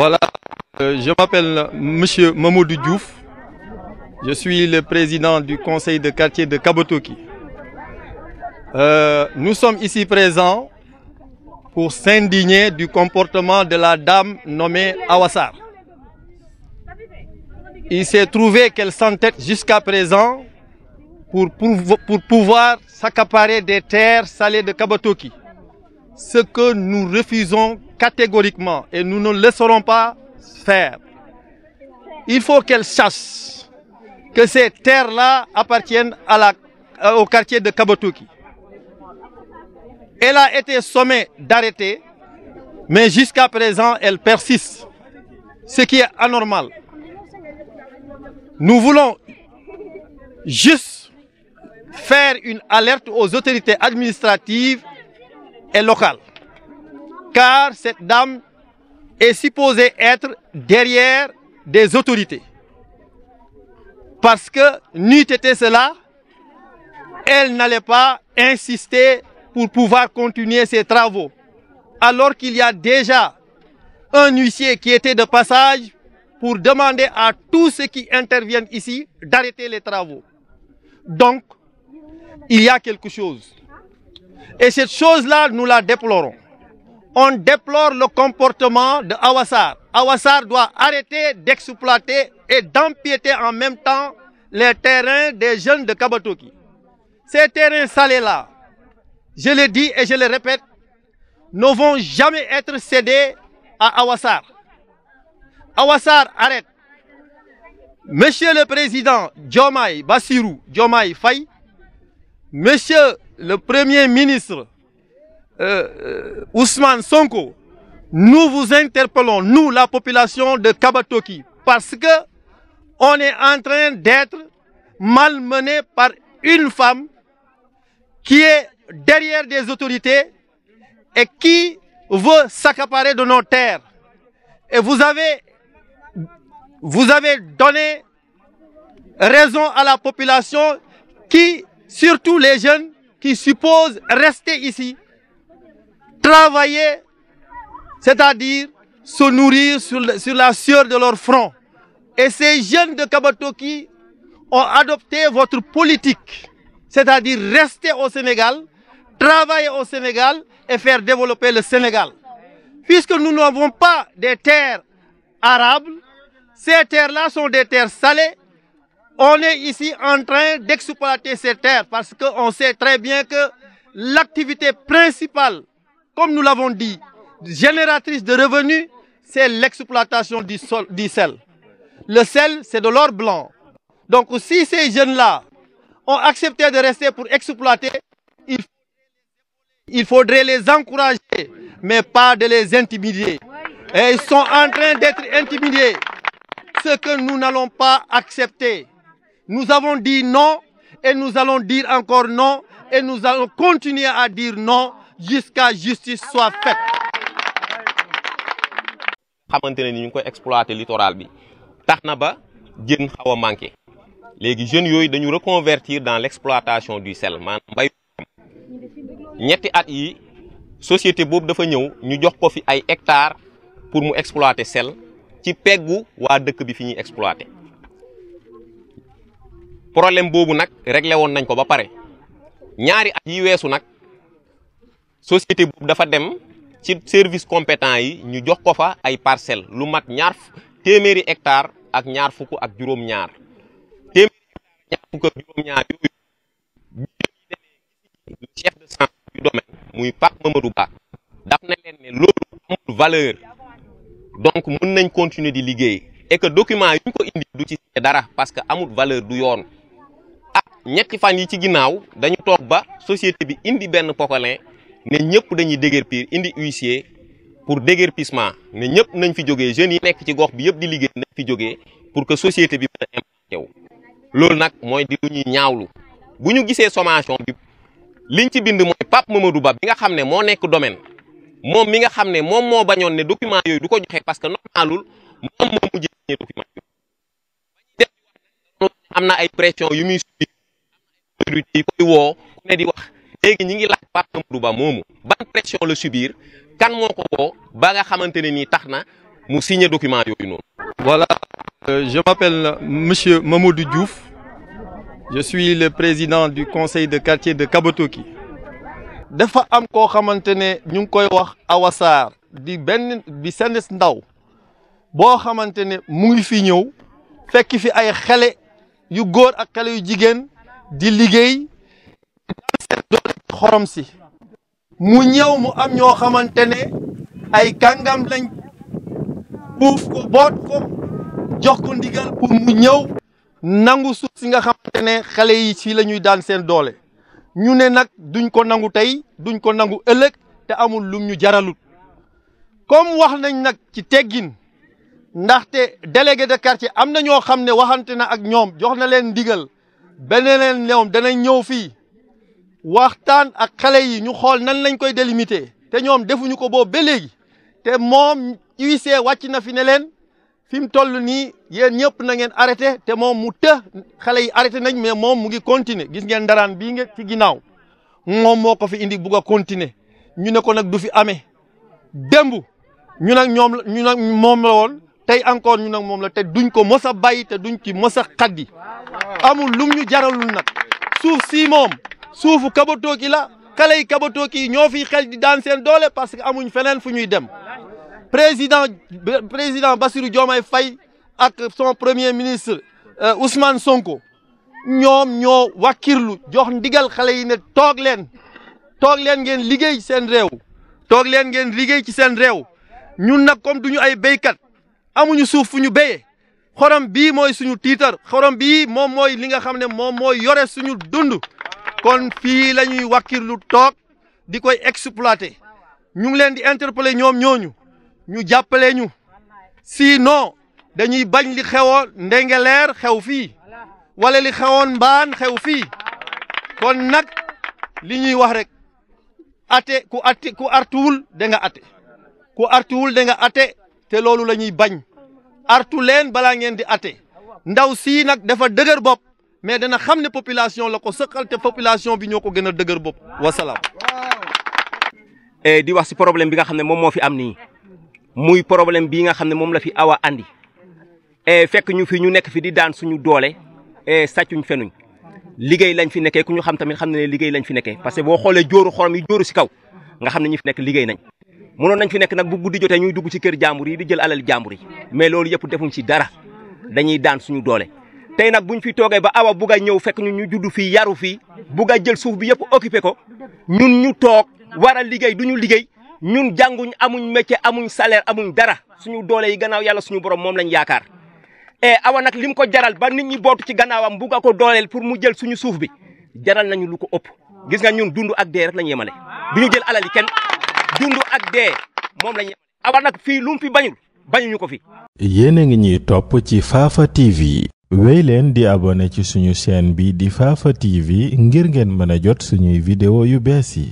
Voilà, euh, je m'appelle euh, Monsieur Mamoudou Diouf. Je suis le président du conseil de quartier de Kabotoki. Euh, nous sommes ici présents pour s'indigner du comportement de la dame nommée Awassar. Il s'est trouvé qu'elle s'entête jusqu'à présent pour, pour, pour pouvoir s'accaparer des terres salées de Kabotoki. ce que nous refusons catégoriquement et nous ne laisserons pas faire. Il faut qu'elle sache que ces terres-là appartiennent la, euh, au quartier de Kabotouki. Elle a été sommée d'arrêter, mais jusqu'à présent, elle persiste, ce qui est anormal. Nous voulons juste faire une alerte aux autorités administratives et locale, car cette dame est supposée être derrière des autorités. Parce que, n'eût été cela, elle n'allait pas insister pour pouvoir continuer ses travaux, alors qu'il y a déjà un huissier qui était de passage pour demander à tous ceux qui interviennent ici d'arrêter les travaux. Donc, il y a quelque chose. Et cette chose-là, nous la déplorons. On déplore le comportement de Awassar. Awassar doit arrêter d'exploiter et d'empiéter en même temps les terrains des jeunes de Kabatoki. Ces terrains salés-là, je le dis et je le répète, ne vont jamais être cédés à Awassar. awasar arrête. Monsieur le Président Diomaye Bassirou Diomaye Faye, Monsieur le Premier ministre euh, euh, Ousmane Sonko, nous vous interpellons, nous, la population de Kabatoki, parce que on est en train d'être malmené par une femme qui est derrière des autorités et qui veut s'accaparer de nos terres. Et vous avez, vous avez donné raison à la population qui, surtout les jeunes, qui suppose rester ici, travailler, c'est-à-dire se nourrir sur, le, la sueur de leur front. Et ces jeunes de Kabatoki ont adopté votre politique, c'est-à-dire rester au Sénégal, travailler au Sénégal et faire développer le Sénégal. Puisque nous n'avons pas des terres arables, ces terres-là sont des terres salées on est ici en train d'exploiter ces terres parce qu'on sait très bien que l'activité principale, comme nous l'avons dit, génératrice de revenus, c'est l'exploitation du, sol, du sel. Le sel, c'est de l'or blanc. Donc si ces jeunes-là ont accepté de rester pour exploiter, il, il faudrait les encourager, mais pas de les intimider. Et ils sont en train d'être intimidés, ce que nous n'allons pas accepter. Nous avons di non et nous allons dire encore non et nous allons continuer à dire non jusqu'à justice soit faite. xamante ne ni ñu ngi koy exploiter littoral bi tax na ba jën xaw a manqué léegi jeunes yooyu dañu reconvertir dans l'exploitation du sel maanaam mbay ñetti at yi société boobu dafa ñëw ñu jox ko fi ay hectares pour mu exploiter sel ci peggu waa dëkk bi fi ñuy exploiter problème boobu nag regle woon nañ ko ba pare ñaari at yi weesu nag société boobu dafa dem ci service compétent yi ñu jox ko fa ay parcelles lu mat ñaar téeméeri hectare ak ñaar fukk ak juróom-ñaar téeméeri ñaar fukk ak juróom-ñaar yooyu chef de centre du domaine muy Pape Mamadou Ba daf ne leen ne loolu amul valeur donc mën nañ continuer di liggéey et que document yu ko indi du ci dara parce que amul valeur du yoon ñetti fan yi ci ginnaaw dañu toog ba société bi indi benn pocolin ne ñëpp dañuy déguerpir indi huissier pour déguerpissement ne ñëpp nañ fi jógee jeunes yi nekk ci gox bi yëpp di liggéey nañ fi jógee pour que société bi mën a impacté loolu nag mooy di lu ñuy ñaawlu bu ñu gisee sommation bi liñ ci bind mooy Pape Mamadou Ba bi nga xam ne moo nekk domaine moom mi nga xam ne moom moo bañoon ne document yooyu du ko joxe parce que moom moo mujjee document yooyu na ay pression autorités yi koy woo ku ne di wax léegi ñi ngi laaj Ba moomu ban pression la subir kan moo ba nga xamante ne nii tax na mu signer document yooyu noonu. voilà euh, je euh, monsieur Mamadou Diouf je suis le président du conseil de quartier de Kabotoki. dafa am koo xamante ne ñu ngi koy wax Awa Sarr di benn bi seen ndaw boo xamante mu ngi fi ñëw fekk fi ay xale yu góor ak xale yu jigéen. di liggéey seen doole xorom si mu ñëw mu am ñoo xamante ne ay kàngam lañ buuf ko boot ko jox ko ndigal pour mu ñëw nangu suuf si nga xamante ne xale yi fii la ñuy daan seen doole ñu ne nag duñ ko nangu tey duñ ko nangu ëllëg te amul lum ñu jaralut comme wax nañ nag ci teggin ndaxte délégué de quartier am na ñoo xam ne waxante na ak ñoom jox na leen ndigal beneen ñoom danañ ñëw fii waxtaan ak xale yi ñu xool nan lañ koy délimiter te ñoom defuñu ko boobu ba léegi te moom UIC wàcc na fi ne leen fi mu toll nii yéen ñëpp na ngeen arrêté te moom mu të xale yi arrêté nañ mais moom mu ngi continuer gis ngeen ndaraan bii nga ci ginnaaw moom moo ko fi indi bugg a ñu ne ko nag du fi amee démb ñu nag ñoom ñu nag moom la tey encore ñu nag moom la te duñ ko mës a bàyyi te duñ ci mës a xaddi amul lum ñu jaralul nag suuf si moom suufu Kabatoki la kaley Kabatoki yi ñoo fiy xel di daan seen doole parce que amuñu feneen fu ñuy dem président président Bassirou Diomaye Faye ak son premier ministre euh, Ousmane Sonko ñoom ñoo wàkkirlu jox ndigal xale yi ne toog leen toog leen ngeen liggéey ci seen réew toog leen ngeen liggéey ci seen réew ñun nag comme duñu ay béykat amuñu suuf fu ñu béyee xorom bii mooy suñu tiitar xorom bii moom mooy li nga xam ne moom mooy yore suñu dund kon fii lañuy ñuy wàkkirlu toog di koy exploiter ñu ngi leen di interpeller ñoom ñooñu ñu jàppale ñu noo dañuy bañ li xewoon ndengeleer xew fii wala li xewoon mbaan xew fii kon nag li ñuy wax rekk ate ku ate ku artuwul da ate ku artuwul da ate te loolu la ñuy bañ artu leen balaa ngeen di ate ndaw sii nag dafa dëgër bopp mais dana xam ne population la ko sëqal te population bi ñoo ko gën a dëgër bopp wasalaam. Eh, di wax si problème bi nga xam ne moom moo fi am nii muy problème bii nga xam ne moom la fi awa andi eh, fekk ñu fi ñu nekk fi di daan suñu doole eh, sàccuñ fenuñ liggéey lañ fi nekkee ku ñu xam tamit xam ne liggéey lañ fi nekkee parce que boo xoolee xorom yi jooru si kaw nga xam ne ñi fi nekk liggéey nañ. mënoon nañ fi nekk nag bu guddi jotee ñuy dugg ci kër jàmbur yi di jël alal jàmbur yi mais loolu yëpp defuñ ci dara dañuy daan suñu doole. tey nag bu buñ fi toogee ba awa bugg a ñëw fekk ñu ñu judd fii yaru fii bugg jël suuf bi yëpp occupé ko ñun ñu toog war a liggéey du ñu liggéey ñun jànguñ amuñ métier amuñ salaire amuñ dara suñu doole yi gannaaw yàlla suñu borom moom lañ yaakaar. e awa nag lim ko jaral ba nit ñi bootu ci gannaawam bugg a ko dooleel pour mu jël suñu suuf bi jaral nañu lu ko ëpp gis nga ñun dund ak dee rek ñu jël dund ak dee moom lañu awa fii lu mu fi bañul bañuñu ko fi. yéen a ngi ñuy topp ci Fafa TV. wéy leen di abonné ci suñu chaîne bi di Fafa TV ngir ngeen mën a jot suñuy vidéo yu bees yi.